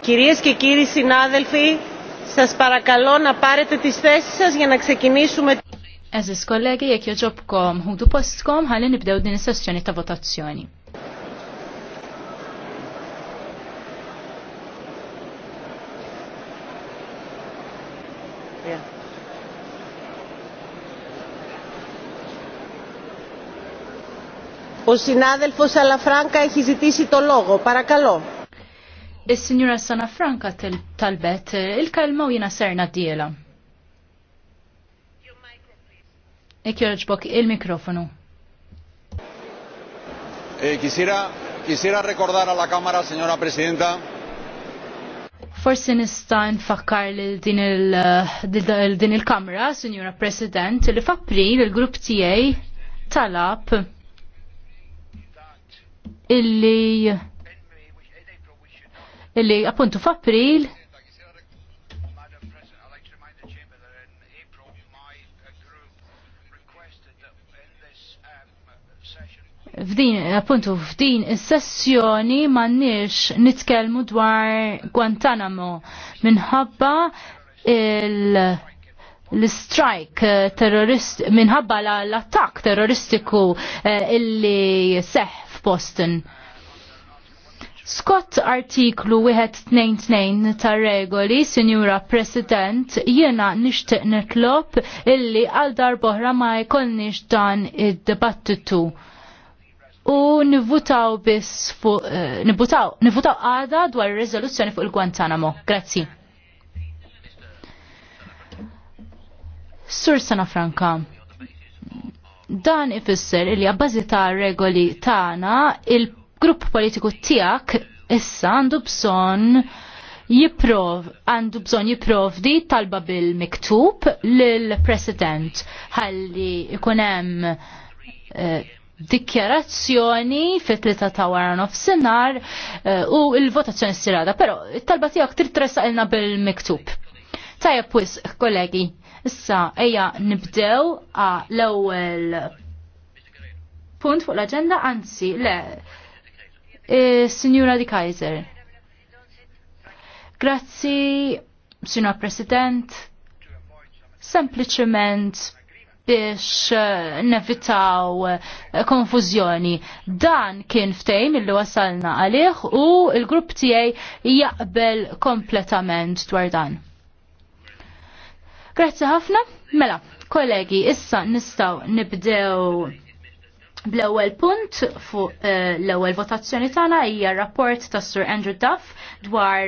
Κυρίες και κύριοι συνάδελφοι, σας παρακαλώ να πάρετε τις θέσεις σας για να ξεκινήσουμε. Eżis kollegi, jekk joġobkom ħudu postkom ħalli nibdew din is-sessjoni ta' votazzjoni. Yeah. Ο συνάδελφος Αλαφράνκα έχει ζητήσει το λόγο. Παρακαλώ. Is-Sinjura Sanafranka talbet eh, il-kelma u jina serna diela. Ikjoġbok il-mikrofonu. Eh, quisiera, quisiera recordar a la Cámara, señora Presidenta. Forsi nista' nfakkar li eh, din il-Kamra, il, Sinjura President, li f'April il-grupp tiegħi talab illi illi appuntu f'April f'din, appuntu, f'din is-sessjoni m'għandniex nitkellmu dwar Guantanamo minħabba il- l-strike terrorist minħabba l-attak terroristiku eh, illi seħ Boston. Scott artiklu 122 tar regoli, Sinjura President, jiena nixtieq nitlob illi għal darbohra ma jkollniex dan id-dibattitu. U nivutaw biss fuq eh, nivutaw, nivutaw għada dwar ir-riżoluzzjoni fuq il-Guantanamo. Grazzi. Sur Sana Franka. Dan ifisser li għabbażi ta' regoli tagħna il-grupp politiku tiegħek issa għandu bżonn jiprov, għandu bżon di talba bil-miktub l-president għalli ikunem eh, dikjarazzjoni fit tlita ta' wara nofsinhar eh, u l-votazzjoni s-sirada, pero it-talba tiegħek il-na bil-miktub. Tajja pwis, kollegi, Issa, eja nibdew l-ewwel punt fuq l-agenda, anzi, le, e, Signora Di Kaiser. Grazzi, Signor President, sempliciment biex e, nevitaw e, konfuzjoni. Dan kien ftejn illi wasalna għalih u il-grupp tiegħi jaqbel kompletament dwar dan. Grazzi ħafna. Mela, kollegi, issa nistaw nibdew bl-ewwel punt fuq uh, l-ewwel votazzjoni tagħna hija rapport tas Sur Andrew Duff dwar